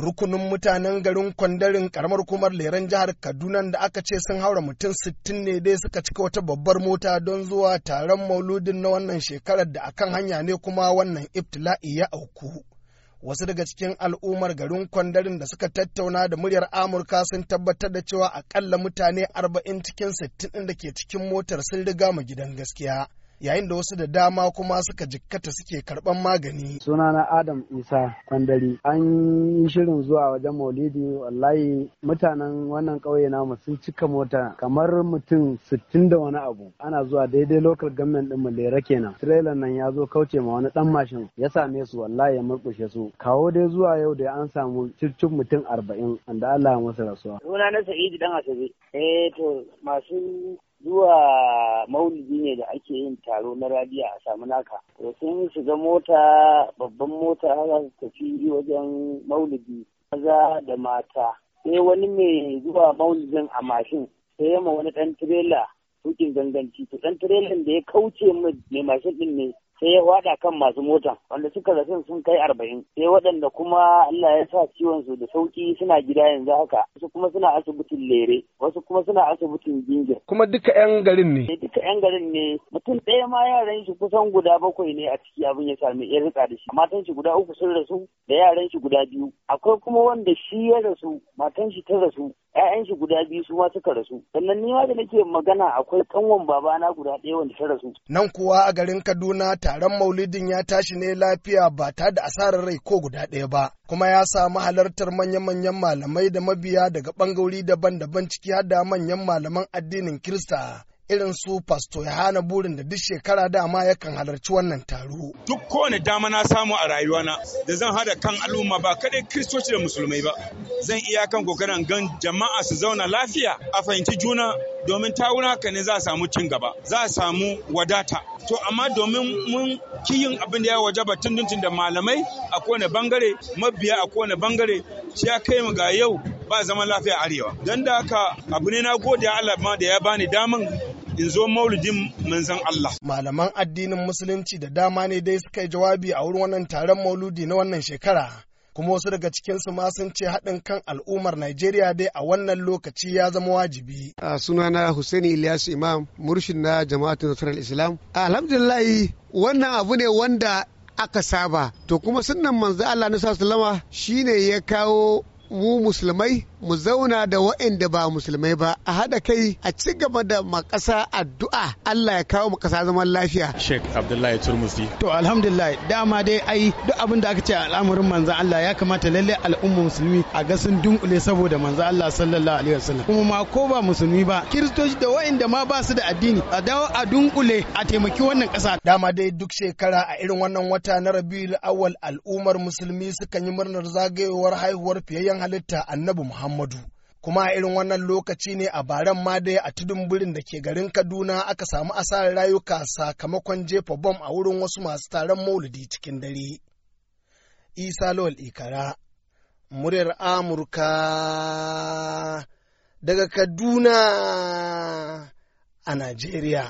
rukunin mutanen garin kwandarin karamar kumar Leran jihar kaduna da aka ce sun haura mutum 60 ne dai suka cika wata babbar mota don zuwa taron mauludin na wannan shekarar da akan hanya ne kuma wannan ibtila'i ya auku wasu daga cikin al'ummar garin kwandarin da suka tattauna da muryar amurka sun tabbatar da cewa akalla mutane 40 cikin 60 da ke cikin motar sun riga mu gidan gaskiya yayin da wasu da dama kuma suka jikkata suke karban magani. Sunana Adam Isa Kwandari an yi shirin zuwa wajen Maulidi wallahi mutanen wannan ƙauye namu sun cika mota kamar mutum sittin da wani abu ana zuwa daidai local government din Malera kenan. Trailer nan ya zo kauce ma wani dan mashin ya same su wallahi ya murƙushe su. Kawo dai zuwa yau da an samu cicin mutum arba'in da Allah ya masa rasuwa. Sunana Sa'idu dan Asabe. Eh to masu zuwa maulidi ne da ake yin taro na radiya a samu naka to sun shiga mota babban mota za su tafi wajen maulidi maza da mata sai wani mai zuwa maulidin a mashin sai yama wani ɗan tirela tukin ganganci to dan tirelan da ya kauce mai mashin ɗin ne sai ya wada kan masu mota wanda suka rasu sun kai arba'in sai waɗanda kuma Allah ya sa ciwon su da sauki suna gida yanzu haka wasu kuma suna asibitin lere wasu kuma suna asibitin jinja kuma duka yan garin ne eh, duka yan garin ne mutum ɗaya ma yaran shi kusan guda bakwai ne a ciki abin ya sami ya rika da shi matan shi guda uku sun rasu da yaran shi guda biyu akwai kuma wanda shi ya rasu matan shi ta rasu 'ya'yan shi guda biyu su ma suka rasu sannan ni ma da nake magana akwai kanwan babana guda ɗaya wanda ta rasu nan kuwa a garin Kaduna taron maulidin ya tashi ne lafiya ba ta da asarar rai ko guda ɗaya ba kuma ya samu halartar manya-manyan malamai da mabiya daga ɓangarori daban-daban ciki har da manyan malaman addinin Kirista irin su Pasto hana Burin da duk shekara dama yakan halarci wannan taro. Duk kowane dama na samu a rayuwana da zan hada kan al'umma ba kadai Kiristoci da Musulmai ba. Zan iya kan kokarin gan jama'a su zauna lafiya a fahimci juna domin ta haka ne za a samu cin gaba za a samu wadata to amma domin mun yin abin da ya wajaba tunduntun da malamai a kowane bangare mabiya a kowane bangare shi ya kai mu ga yau ba zaman lafiya arewa don da haka abu ne na gode Allah ma da ya bani daman in zo maulidin manzan Allah. Malaman addinin musulunci da dama ne dai suka yi jawabi a wurin wannan taron mauludi na wannan shekara. kuma wasu daga cikinsu ma sun ce haɗin kan al'ummar Najeriya dai a wannan lokaci ya zama wajibi. A sunana Hussaini Ilyas Imam, murshin na jama'atu Nasarar Islam. Alhamdulillah, wannan abu ne wanda aka saba, to kuma sunan manzo Allah na sallama shine ya kawo mu musulmai mu zauna da waɗanda ba musulmai ba a haɗa kai a ci gaba da makasa addu'a Allah ya kawo makasa zaman lafiya. Sheikh Abdullahi Turmusi. To alhamdulillah dama dai ai duk abin da aka ce al'amarin manzan Allah ya kamata lalle al'umma musulmi a ga sun dunkule saboda manzan Allah sallallahu alaihi wasallam. Kuma ma ko ba musulmi ba kiristoci da waɗanda ma ba su da addini a dawo a dunkule a taimaki wannan ƙasa. Dama dai duk shekara a irin wannan wata na Rabiul Awwal al'ummar musulmi sukan yi murnar zagayowar haihuwar fiyayyen halitta Annabi Muhammad. Muhammadu. Kuma a irin wannan lokaci ne a baran ma dai a tudun birin da ke garin Kaduna aka samu asarar rayuka sakamakon jefa bom a wurin wasu masu taron maulidi cikin dare. Isa Lawal Ikara, muryar Amurka daga Kaduna a Najeriya.